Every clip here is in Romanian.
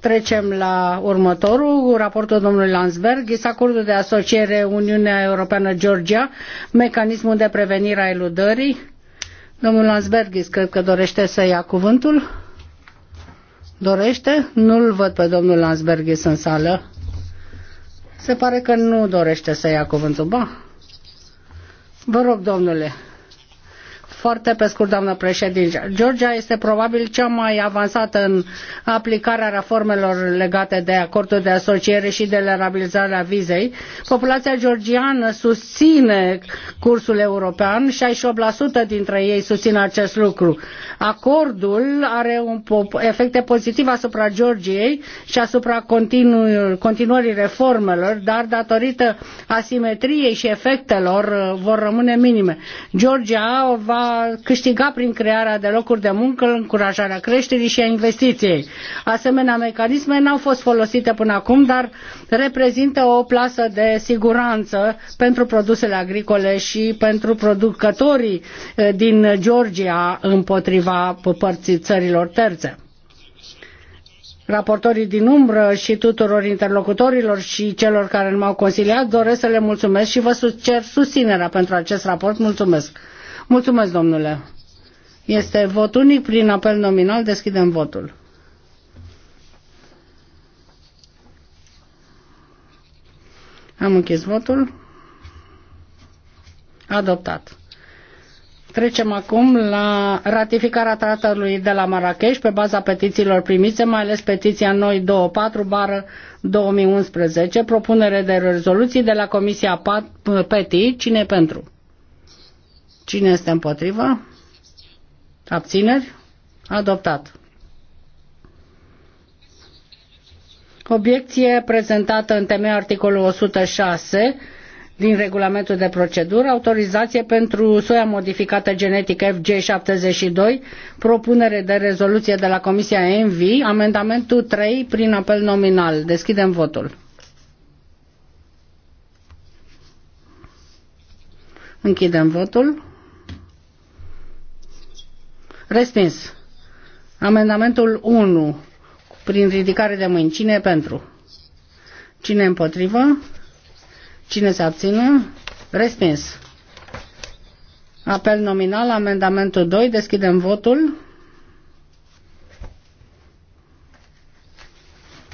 Trecem la următorul, raportul domnului Landsberg, acordul de asociere Uniunea Europeană-Georgia, mecanismul de prevenire a eludării. Domnul Landsberg, cred că dorește să ia cuvântul. Dorește? Nu-l văd pe domnul Landsberg în sală. Se pare că nu dorește să ia cuvântul. Ba. Vă rog, domnule. Foarte pe scurt, doamnă președinte. Georgia este probabil cea mai avansată în aplicarea reformelor legate de acordul de asociere și de liberalizarea vizei. Populația georgiană susține cursul european, 68% dintre ei susțin acest lucru. Acordul are un efecte pozitive asupra Georgiei și asupra continu- continuării reformelor, dar datorită asimetriei și efectelor uh, vor rămâne minime. Georgia va câștiga prin crearea de locuri de muncă, încurajarea creșterii și a investiției. Asemenea, mecanisme n-au fost folosite până acum, dar reprezintă o plasă de siguranță pentru produsele agricole și pentru producătorii eh, din Georgia împotriva părții țărilor terțe raportorii din umbră și tuturor interlocutorilor și celor care m-au consiliat, doresc să le mulțumesc și vă cer susținerea pentru acest raport. Mulțumesc! Mulțumesc, domnule. Este vot unic prin apel nominal. Deschidem votul. Am închis votul. Adoptat. Trecem acum la ratificarea tratatului de la Marrakeș pe baza petițiilor primite, mai ales petiția noi 24 bară 2011, propunere de rezoluții de la Comisia PETI. Cine pentru? Cine este împotrivă? Abțineri? Adoptat. Obiecție prezentată în temeiul articolul 106 din regulamentul de procedură, autorizație pentru soia modificată genetică FG72, propunere de rezoluție de la Comisia ENVI, amendamentul 3 prin apel nominal. Deschidem votul. Închidem votul. Respins. Amendamentul 1. Prin ridicare de mâini. Cine e pentru? Cine e împotrivă? Cine se abține? Respins. Apel nominal, amendamentul 2. Deschidem votul.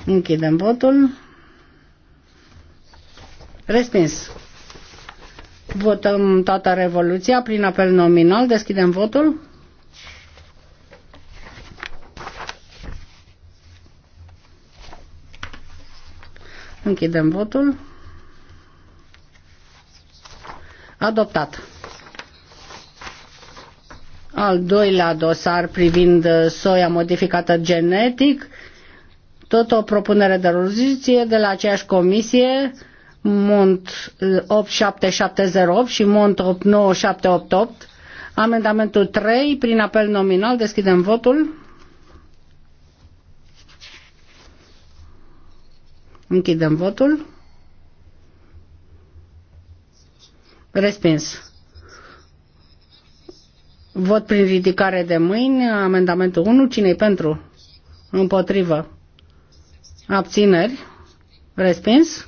Închidem votul. Respins. Votăm toată revoluția prin apel nominal. Deschidem votul. Închidem votul. Adoptat. Al doilea dosar privind uh, soia modificată genetic, tot o propunere de rezoluție de la aceeași comisie, MONT 87708 uh, și MONT 89788, amendamentul 3, prin apel nominal, deschidem votul. Închidem votul. Respins. Vot prin ridicare de mâini. Amendamentul 1. cine pentru? Împotrivă. Abțineri. Respins.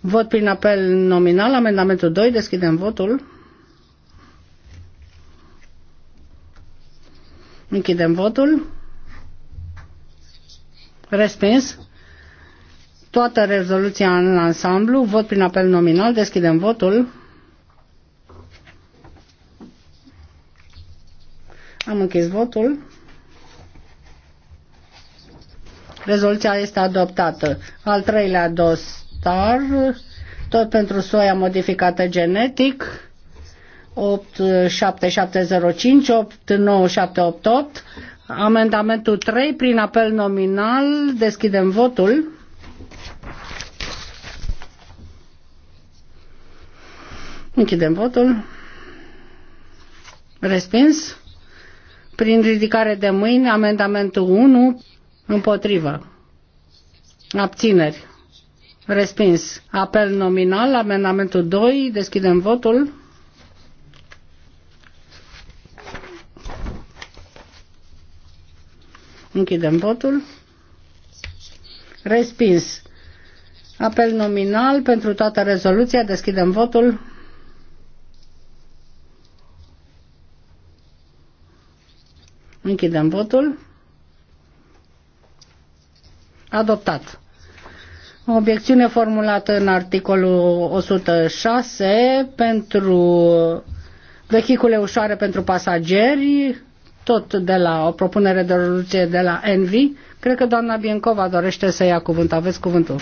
Vot prin apel nominal. Amendamentul 2. Deschidem votul. Închidem votul. Respins toată rezoluția în ansamblu, vot prin apel nominal, deschidem votul. Am închis votul. Rezoluția este adoptată. Al treilea dosar, tot pentru soia modificată genetic, 87705, 89788, amendamentul 3 prin apel nominal, deschidem votul. Închidem votul. Respins. Prin ridicare de mâini, amendamentul 1 împotrivă. Abțineri. Respins. Apel nominal, amendamentul 2. Deschidem votul. Închidem votul. Respins. Apel nominal pentru toată rezoluția. Deschidem votul. Închidem votul. Adoptat. O obiecțiune formulată în articolul 106 pentru vehicule ușoare pentru pasageri, tot de la o propunere de rezoluție de la Envi. Cred că doamna Biencova dorește să ia cuvânt. Aveți cuvântul.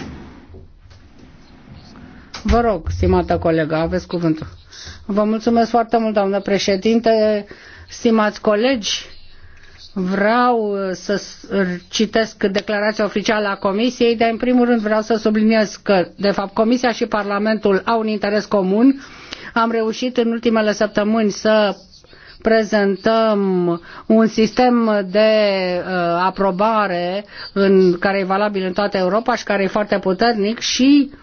Vă rog, stimată colegă, aveți cuvântul. Vă mulțumesc foarte mult, doamnă președinte, stimați colegi Vreau uh, să uh, citesc declarația oficială a Comisiei, dar în primul rând vreau să subliniez că, de fapt, Comisia și Parlamentul au un interes comun. Am reușit în ultimele săptămâni să prezentăm un sistem de uh, aprobare în, care e valabil în toată Europa și care e foarte puternic și uh,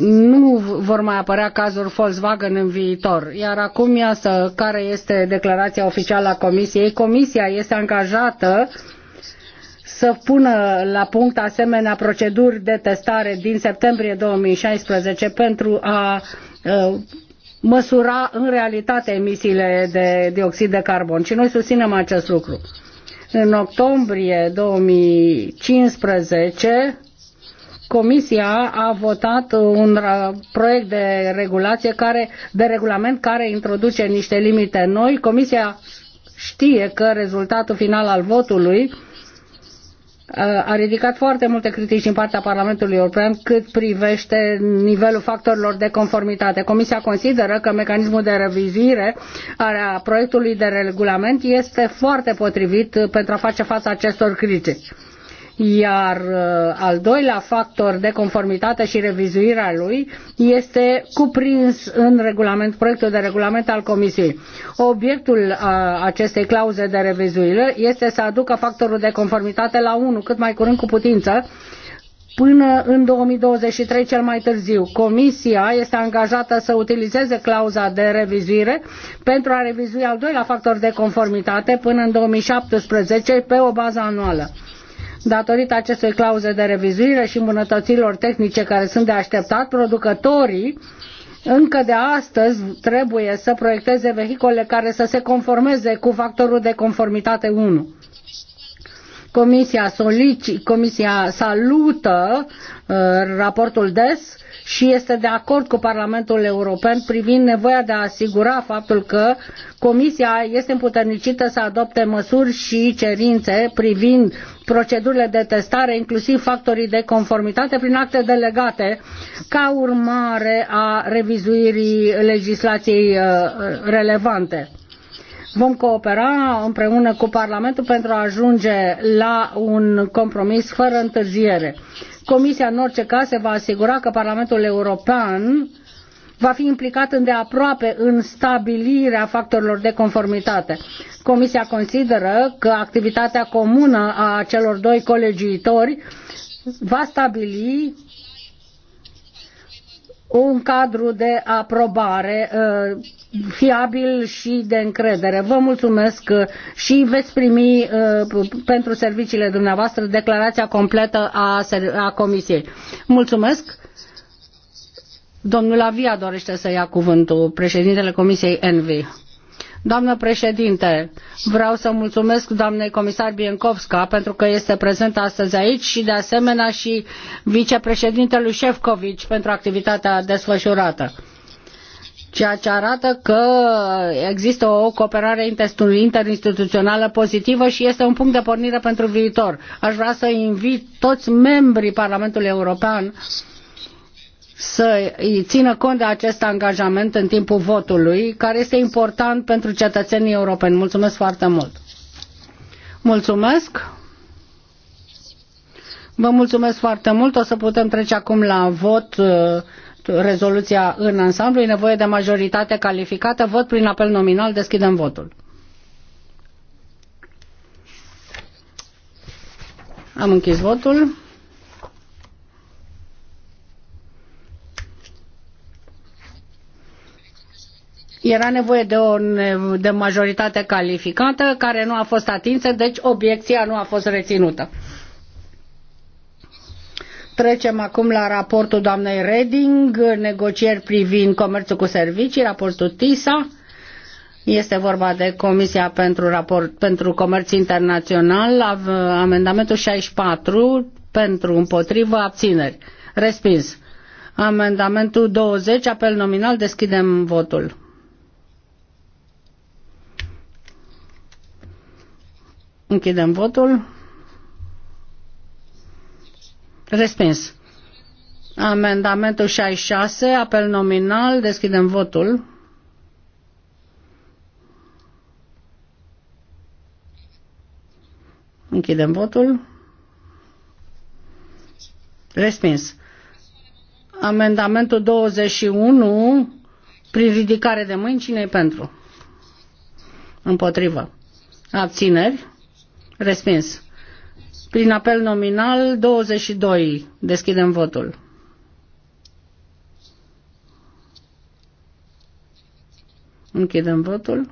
nu vor mai apărea cazuri Volkswagen în viitor. Iar acum, iată, care este declarația oficială a Comisiei? Comisia este angajată să pună la punct asemenea proceduri de testare din septembrie 2016 pentru a uh, măsura în realitate emisiile de dioxid de carbon. Și noi susținem acest lucru. În octombrie 2015, Comisia a votat un proiect de regulație care, de regulament care introduce niște limite noi. Comisia știe că rezultatul final al votului uh, a ridicat foarte multe critici din partea Parlamentului European cât privește nivelul factorilor de conformitate. Comisia consideră că mecanismul de revizuire a proiectului de regulament este foarte potrivit pentru a face față acestor critici iar uh, al doilea factor de conformitate și revizuirea lui este cuprins în regulament, proiectul de regulament al Comisiei. Obiectul uh, acestei clauze de revizuire este să aducă factorul de conformitate la 1 cât mai curând cu putință până în 2023 cel mai târziu. Comisia este angajată să utilizeze clauza de revizuire pentru a revizui al doilea factor de conformitate până în 2017 pe o bază anuală. Datorită acestei clauze de revizuire și îmbunătățirilor tehnice care sunt de așteptat, producătorii încă de astăzi trebuie să proiecteze vehicole care să se conformeze cu factorul de conformitate 1. Comisia, solici, comisia salută uh, raportul DES și este de acord cu Parlamentul European privind nevoia de a asigura faptul că Comisia este împuternicită să adopte măsuri și cerințe privind procedurile de testare, inclusiv factorii de conformitate, prin acte delegate, ca urmare a revizuirii legislației uh, relevante. Vom coopera împreună cu Parlamentul pentru a ajunge la un compromis fără întârziere. Comisia, în orice caz, se va asigura că Parlamentul European va fi implicat îndeaproape în stabilirea factorilor de conformitate. Comisia consideră că activitatea comună a celor doi colegiuitori va stabili un cadru de aprobare uh, fiabil și de încredere. Vă mulțumesc uh, și veți primi uh, pentru serviciile dumneavoastră declarația completă a, a Comisiei. Mulțumesc! Domnul Avia dorește să ia cuvântul, președintele Comisiei Envi. Doamnă președinte, vreau să mulțumesc doamnei comisar Biencovska pentru că este prezentă astăzi aici și de asemenea și vicepreședintelui Șefcovici pentru activitatea desfășurată ceea ce arată că există o cooperare interinstituțională pozitivă și este un punct de pornire pentru viitor. Aș vrea să invit toți membrii Parlamentului European să țină cont de acest angajament în timpul votului, care este important pentru cetățenii europeni. Mulțumesc foarte mult! Mulțumesc! Vă mulțumesc foarte mult! O să putem trece acum la vot uh, rezoluția în ansamblu. E nevoie de majoritate calificată. Vot prin apel nominal. Deschidem votul. Am închis votul. Era nevoie de o de majoritate calificată care nu a fost atinsă, deci obiecția nu a fost reținută. Trecem acum la raportul doamnei Reding, negocieri privind comerțul cu servicii, raportul TISA. Este vorba de Comisia pentru, raport, pentru Comerț Internațional, amendamentul 64 pentru împotrivă abțineri. Respins. Amendamentul 20, apel nominal, deschidem votul. Închidem votul. Respins. Amendamentul 66, apel nominal, deschidem votul. Închidem votul. Respins. Amendamentul 21, prin ridicare de mâini, cine pentru? Împotrivă. Abțineri. Respins. Prin apel nominal 22. Deschidem votul. Închidem votul.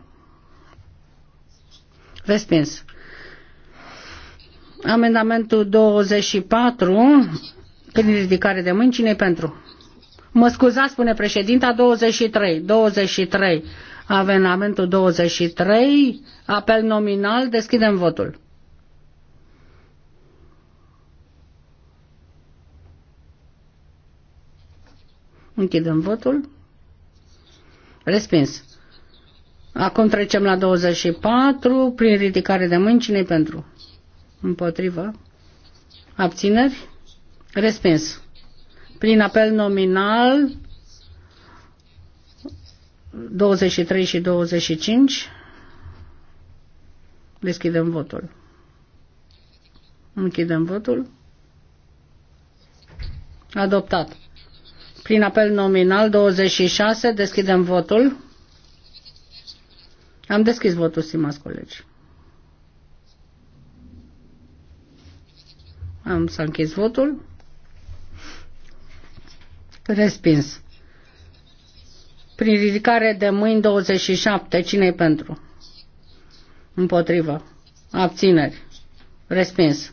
Respins. Amendamentul 24, prin ridicare de mâini, cine pentru? Mă scuzați, spune președinta, 23. 23. Amendamentul 23, apel nominal, deschidem votul. Închidem votul. Respins. Acum trecem la 24, prin ridicare de mâini, cine pentru? Împotrivă. Abțineri? Respins. Prin apel nominal, 23 și 25, deschidem votul. Închidem votul. Adoptat prin apel nominal 26. Deschidem votul. Am deschis votul, stimați colegi. Am să închis votul. Respins. Prin ridicare de mâini 27. cine pentru? Împotrivă. Abțineri. Respins.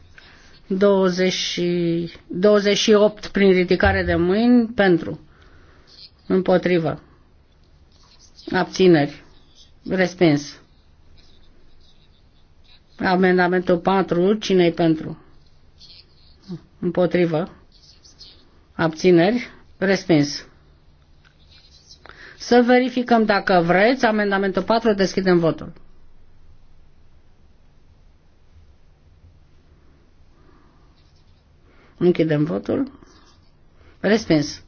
20, 28 prin ridicare de mâini pentru, împotrivă, abțineri, respins. Amendamentul 4, cine pentru? Împotrivă, abțineri, respins. Să verificăm dacă vreți, amendamentul 4, deschidem votul. Închidem votul. Respins.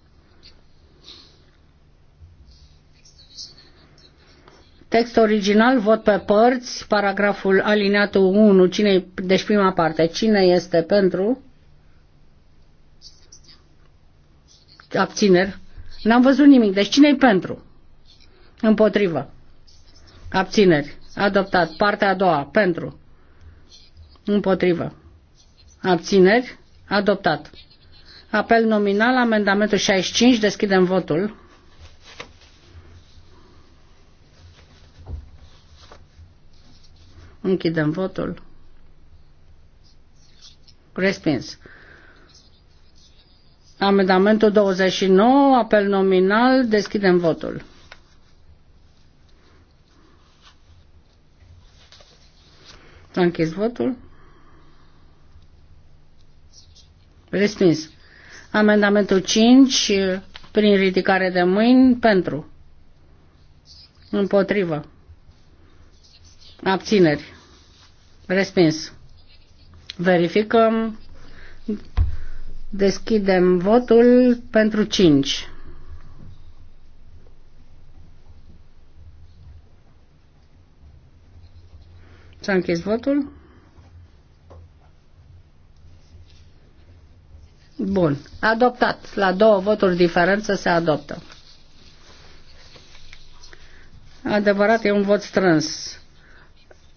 Text original, vot pe părți, paragraful alineatul 1, cine, deci prima parte, cine este pentru? Abțineri. N-am văzut nimic, deci cine-i pentru? Împotrivă. Abțineri. Adoptat. Partea a doua, pentru. Împotrivă. Abțineri. Adoptat. Apel nominal, amendamentul 65, deschidem votul. Închidem votul. Respins. Amendamentul 29, apel nominal, deschidem votul. închis votul. Respins. Amendamentul 5 prin ridicare de mâini pentru. Împotrivă. Abțineri. Respins. Verificăm. Deschidem votul pentru 5. S-a închis votul. Bun. Adoptat. La două voturi diferență se adoptă. Adevărat, e un vot strâns.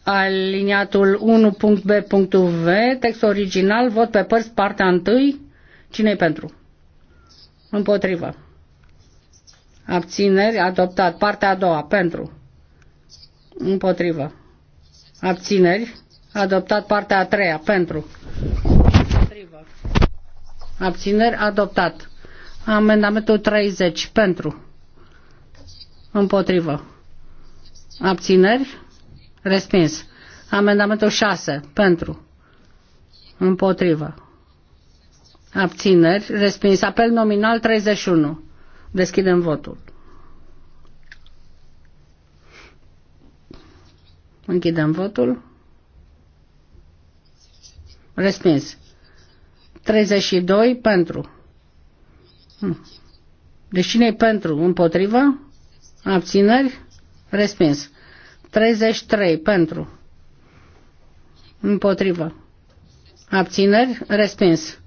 Aliniatul 1.b.v, text original, vot pe părți, partea întâi. cine pentru? Împotrivă. Abțineri, adoptat. Partea a doua, pentru. Împotrivă. Abțineri, adoptat. Partea a treia, pentru. Împotrivă. Abțineri adoptat. Amendamentul 30 pentru. Împotrivă. Abțineri respins. Amendamentul 6 pentru. Împotrivă. Abțineri respins. Apel nominal 31. Deschidem votul. Închidem votul. Respins. 32 pentru. Hmm. Deci cine pentru? Împotrivă? Abțineri? Respins. 33 pentru. Împotrivă. Abțineri? Respins.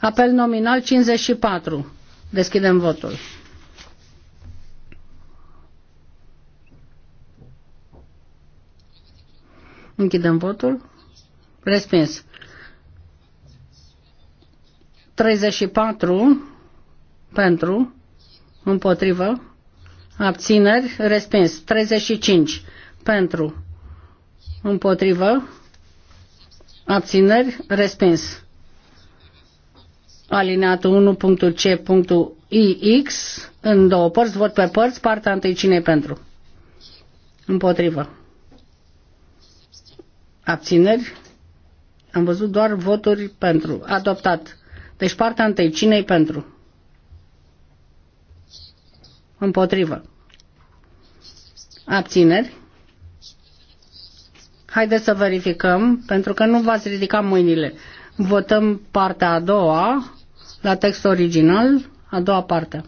Apel nominal 54. Deschidem votul. Închidem votul. Respins. 34 pentru, împotrivă, abțineri, respins. 35 pentru, împotrivă, abțineri, respins. Alineatul 1.c.ix în două părți, vot pe părți, partea întâi cine pentru? Împotrivă. Abțineri? Am văzut doar voturi pentru. Adoptat. Deci partea întâi, cine-i pentru? Împotrivă. Abțineri? Haideți să verificăm, pentru că nu v-ați ridicat mâinile. Votăm partea a doua, la text original, a doua parte.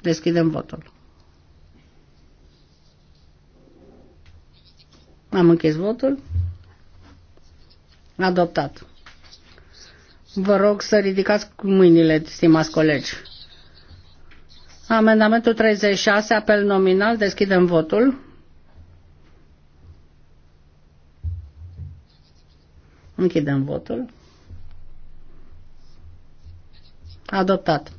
Deschidem votul. Am închis votul. Adoptat. Vă rog să ridicați mâinile, stimați colegi. Amendamentul 36, apel nominal, deschidem votul. Închidem votul. Adoptat.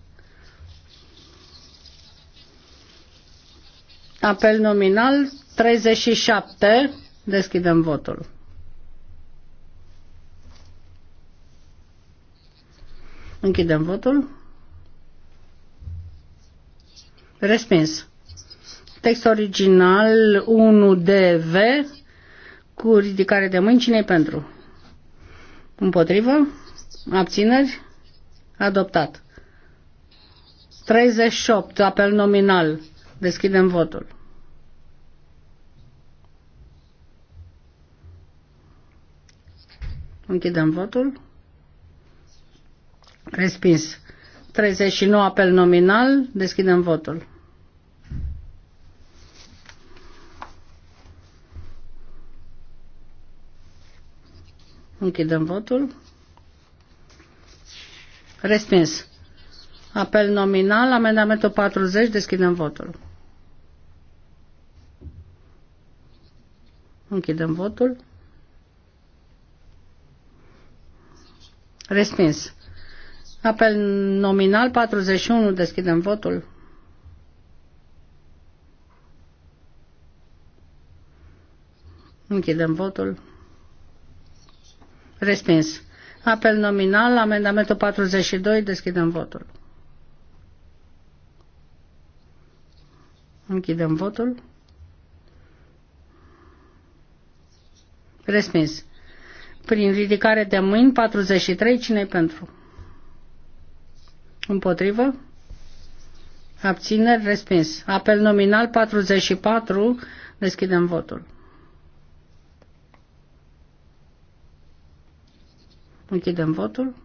Apel nominal 37. Deschidem votul. Închidem votul. Respins. Text original 1DV cu ridicare de mâini. cine pentru? Împotrivă? Abțineri? Adoptat. 38. Apel nominal. Deschidem votul. Închidem votul. Respins. 39 apel nominal. Deschidem votul. Închidem votul. Respins. Apel nominal, amendamentul 40, deschidem votul. Închidem votul. Respins. Apel nominal 41, deschidem votul. Închidem votul. Respins. Apel nominal, amendamentul 42, deschidem votul. Închidem votul. Respins. Prin ridicare de mâini, 43, cine pentru? Împotrivă? Abțineri? Respins. Apel nominal 44. Deschidem votul. Închidem votul.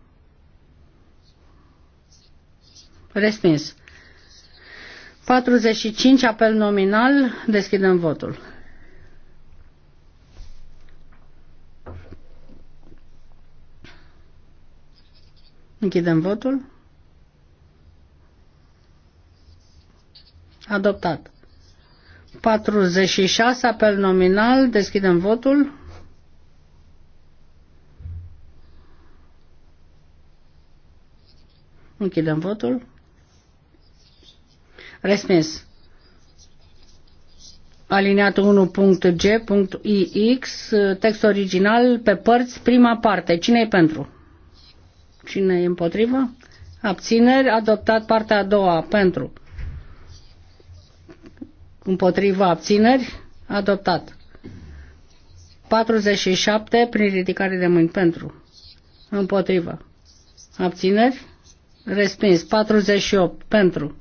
Respins. 45, apel nominal, deschidem votul. Închidem votul. adoptat. 46, apel nominal, deschidem votul. Închidem votul. Respins. Alineat 1.g.ix, text original pe părți, prima parte. Cine e pentru? Cine e împotrivă? Abțineri, adoptat partea a doua, pentru împotriva abțineri, adoptat. 47 prin ridicare de mâini pentru, împotriva. Abțineri, respins. 48 pentru,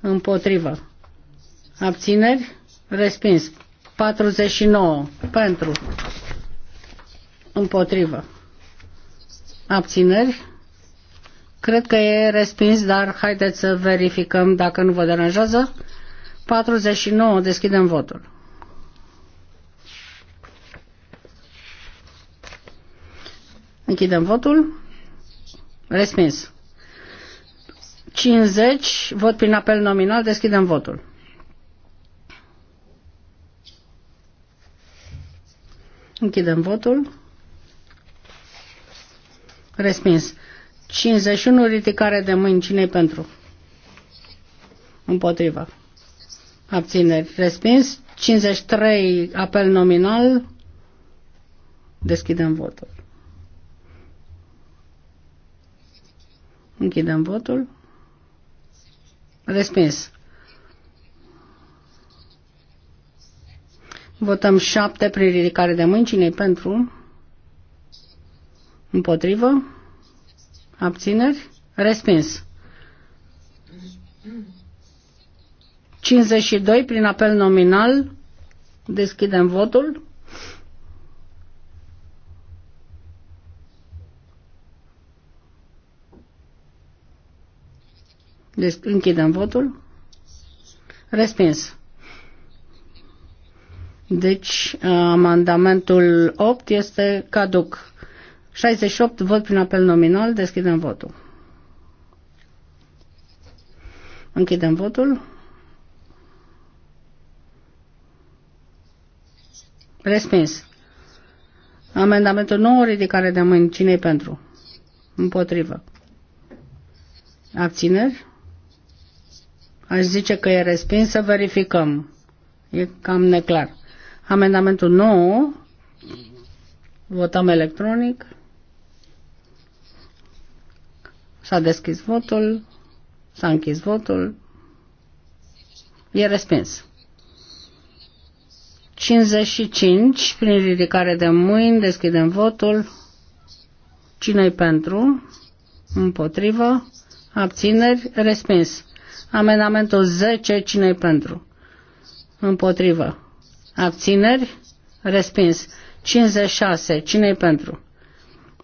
împotriva. Abțineri, respins. 49 pentru, împotriva. Abțineri, cred că e respins, dar haideți să verificăm dacă nu vă deranjează. 49. Deschidem votul. Închidem votul. Respins. 50. Vot prin apel nominal. Deschidem votul. Închidem votul. Respins. 51. Ridicare de mâini. cine pentru? Împotriva abțineri, respins. 53, apel nominal, deschidem votul. Închidem votul. Respins. Votăm 7 prin ridicare de mâini. cine pentru? Împotrivă? Abțineri? Respins. 52 prin apel nominal. Deschidem votul. Deci închidem votul. Respins. Deci amendamentul 8 este caduc. 68 vot prin apel nominal. Deschidem votul. Închidem votul. Respins. Amendamentul 9, ridicare de mâini. cine pentru? Împotrivă. Abțineri? Aș zice că e respins să verificăm. E cam neclar. Amendamentul 9, votăm electronic. S-a deschis votul, s-a închis votul, e respins. 55, prin ridicare de mâini, deschidem votul. cine e pentru? Împotrivă? Abțineri? Respins. Amendamentul 10, cine e pentru? Împotrivă. Abțineri? Respins. 56, cine e pentru?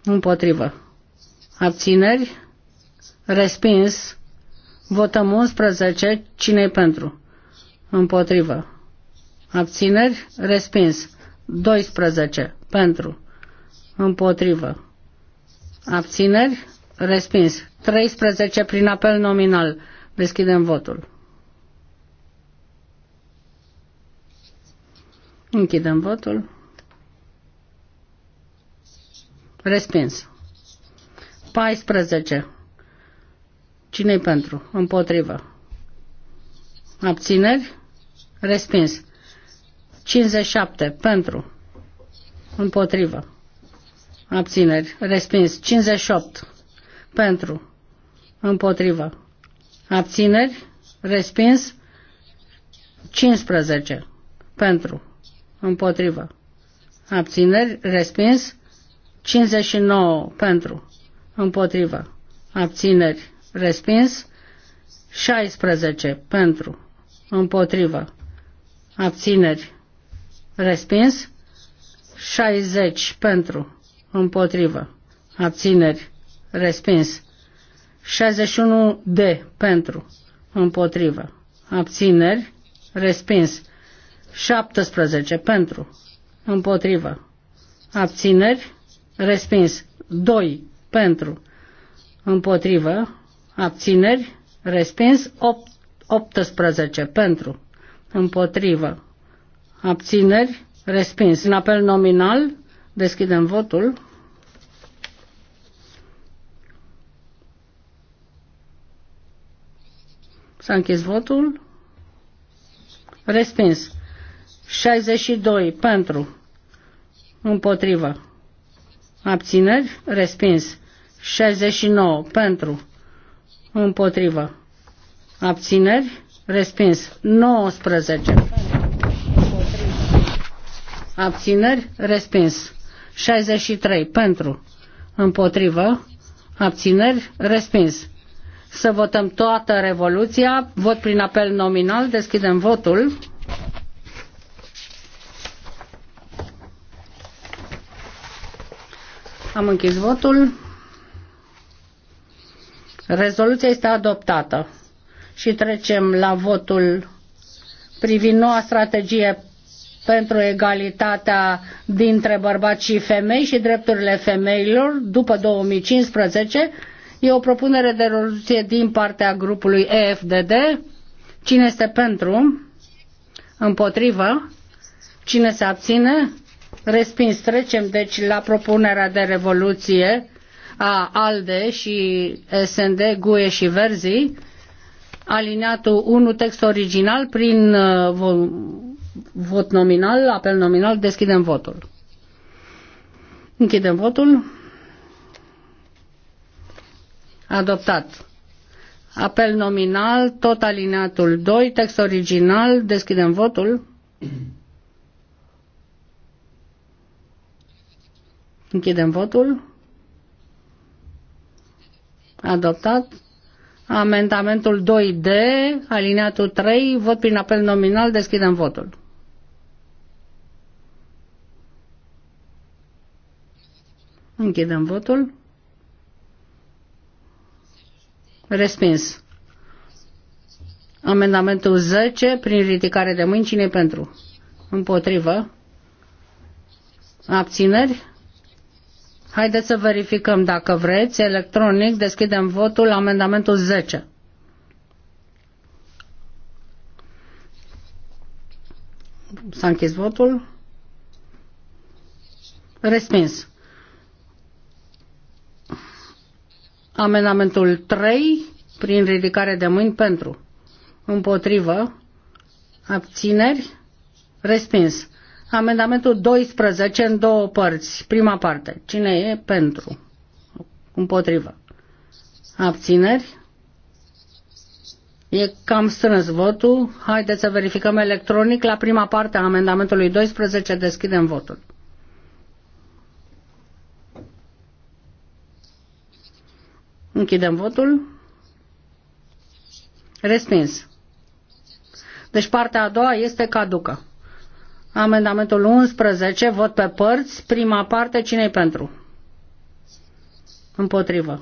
Împotrivă. Abțineri? Respins. Votăm 11, cine e pentru? Împotrivă abțineri, respins. 12 pentru, împotrivă, abțineri, respins. 13 prin apel nominal. Deschidem votul. Închidem votul. Respins. 14. Cine-i pentru? Împotrivă. Abțineri? Respins. 57 pentru. Împotrivă. Abțineri. Respins. 58 pentru. Împotrivă. Abțineri. Respins. 15 pentru. Împotrivă. Abțineri. Respins. 59 pentru. Împotrivă. Abțineri. Respins. 16 pentru. Împotrivă. Abțineri. Respins. 60 pentru. Împotrivă. Abțineri. Respins. 61 de pentru. Împotrivă. Abțineri. Respins. 17 pentru. Împotrivă. Abțineri. Respins. 2 pentru. Împotrivă. Abțineri. Respins. 8, 18 pentru. Împotrivă abțineri, respins. În apel nominal, deschidem votul. S-a închis votul. Respins. 62 pentru. Împotrivă. Abțineri. Respins. 69 pentru. Împotrivă. Abțineri. Respins. 19 pentru abțineri, respins. 63 pentru, împotrivă, abțineri, respins. Să votăm toată revoluția, vot prin apel nominal, deschidem votul. Am închis votul. Rezoluția este adoptată. Și trecem la votul privind noua strategie pentru egalitatea dintre bărbați și femei și drepturile femeilor după 2015. E o propunere de rezoluție din partea grupului EFDD. Cine este pentru? Împotrivă? Cine se abține? Respins. Trecem deci la propunerea de revoluție a ALDE și SND, GUE și Verzii, alineatul 1, text original, prin uh, Vot nominal, apel nominal, deschidem votul. Închidem votul. Adoptat. Apel nominal, tot alineatul 2, text original, deschidem votul. Închidem votul. Adoptat. Amendamentul 2D, alineatul 3, vot prin apel nominal, deschidem votul. Închidem votul. Respins. Amendamentul 10, prin ridicare de mâini, cine pentru? Împotrivă. Abțineri? Haideți să verificăm dacă vreți. Electronic deschidem votul amendamentul 10. S-a închis votul. Respins. Amendamentul 3 prin ridicare de mâini pentru. Împotrivă. Abțineri. Respins. Amendamentul 12 în două părți. Prima parte. Cine e pentru? Împotrivă. Abțineri. E cam strâns votul. Haideți să verificăm electronic. La prima parte a amendamentului 12 deschidem votul. Închidem votul. Respins. Deci partea a doua este caducă. Amendamentul 11, vot pe părți, prima parte, cine pentru? Împotrivă.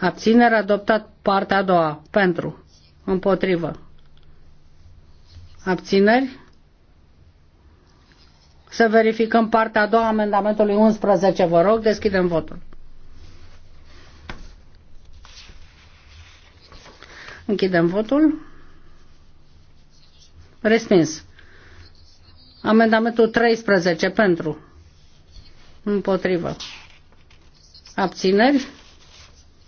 Abținere adoptat partea a doua, pentru. Împotrivă. Abțineri? Să verificăm partea a doua amendamentului 11, vă rog, deschidem votul. Închidem votul. Respins. Amendamentul 13 pentru. Împotrivă. Abțineri.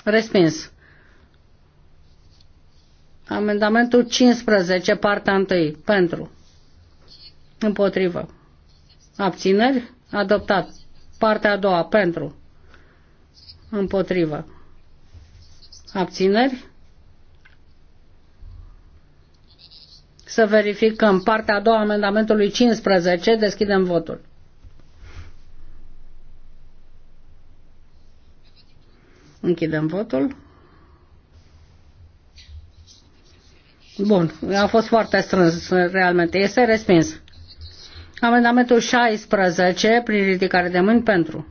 Respins. Amendamentul 15, partea 1, pentru. Împotrivă. Abțineri. Adoptat. Partea a doua, pentru. Împotrivă. Abțineri. să verificăm partea a doua a amendamentului 15. Deschidem votul. Închidem votul. Bun, a fost foarte strâns realmente. Este respins. Amendamentul 16, prin ridicare de mâini, pentru.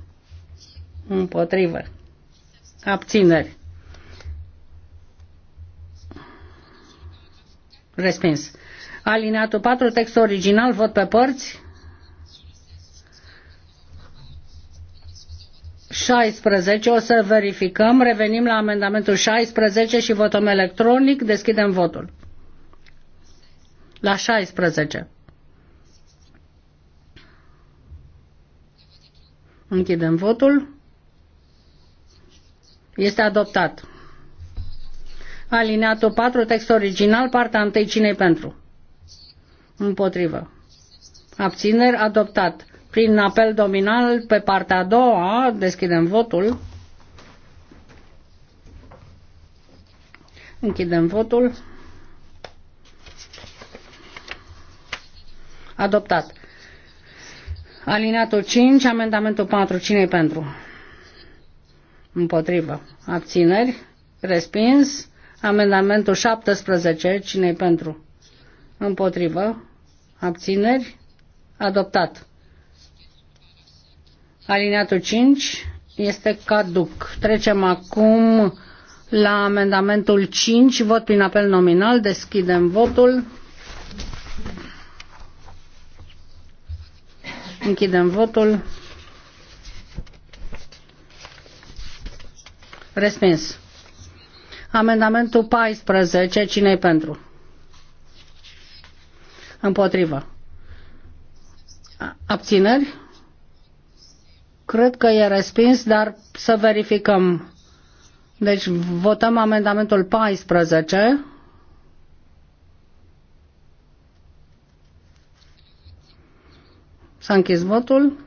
Împotrivă. Abțineri. Respins. Alineatul 4, text original, vot pe părți. 16, o să verificăm, revenim la amendamentul 16 și votăm electronic, deschidem votul. La 16. Închidem votul. Este adoptat. Alineatul 4, text original, partea 1, cine pentru? Împotrivă. Abțineri adoptat. Prin apel dominal pe partea a doua deschidem votul. Închidem votul. Adoptat. Alineatul 5, amendamentul 4. cine pentru? Împotrivă. Abțineri. Respins. Amendamentul 17. cine pentru? Împotrivă abțineri, adoptat. Alineatul 5 este caduc. Trecem acum la amendamentul 5, vot prin apel nominal, deschidem votul. Închidem votul. Respins. Amendamentul 14. Cine-i pentru? Împotrivă. Abțineri? Cred că e respins, dar să verificăm. Deci votăm amendamentul 14. S-a închis votul.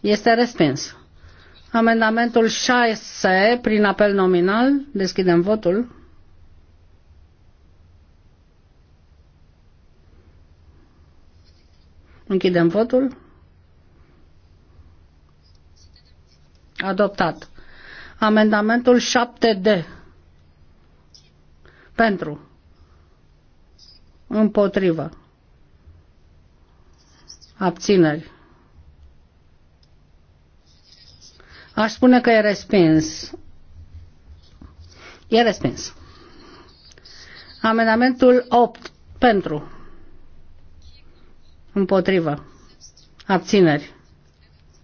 Este respins. Amendamentul 6 prin apel nominal. Deschidem votul. Închidem votul. Adoptat. Amendamentul 7D. Pentru. Împotrivă. Abțineri. Aș spune că e respins. E respins. Amendamentul 8. Pentru. Împotrivă. Abțineri.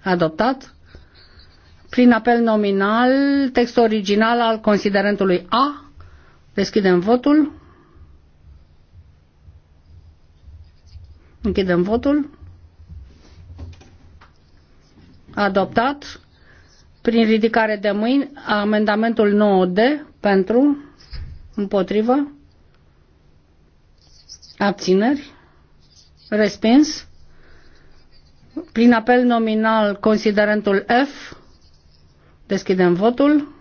Adoptat. Prin apel nominal, textul original al considerentului A. Deschidem votul. Închidem votul. Adoptat prin ridicare de mâini amendamentul 9D pentru, împotrivă, abțineri, Respins. Prin apel nominal, considerentul F. Deschidem votul.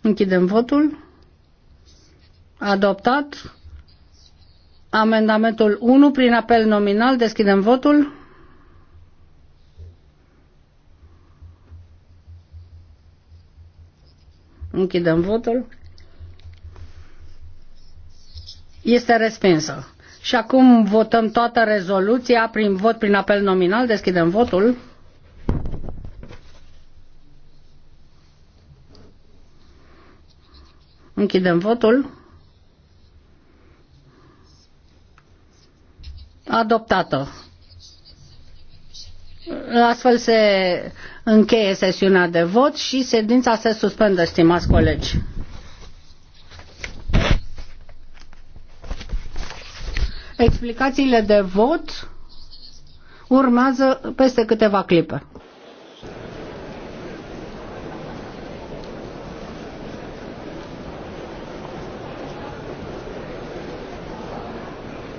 Închidem votul. Adoptat. Amendamentul 1 prin apel nominal. Deschidem votul. Închidem votul. Este respinsă. Și acum votăm toată rezoluția prin vot prin apel nominal. Deschidem votul. Închidem votul. Adoptată. Astfel se încheie sesiunea de vot și ședința se suspendă, stimați colegi. Explicațiile de vot urmează peste câteva clipe.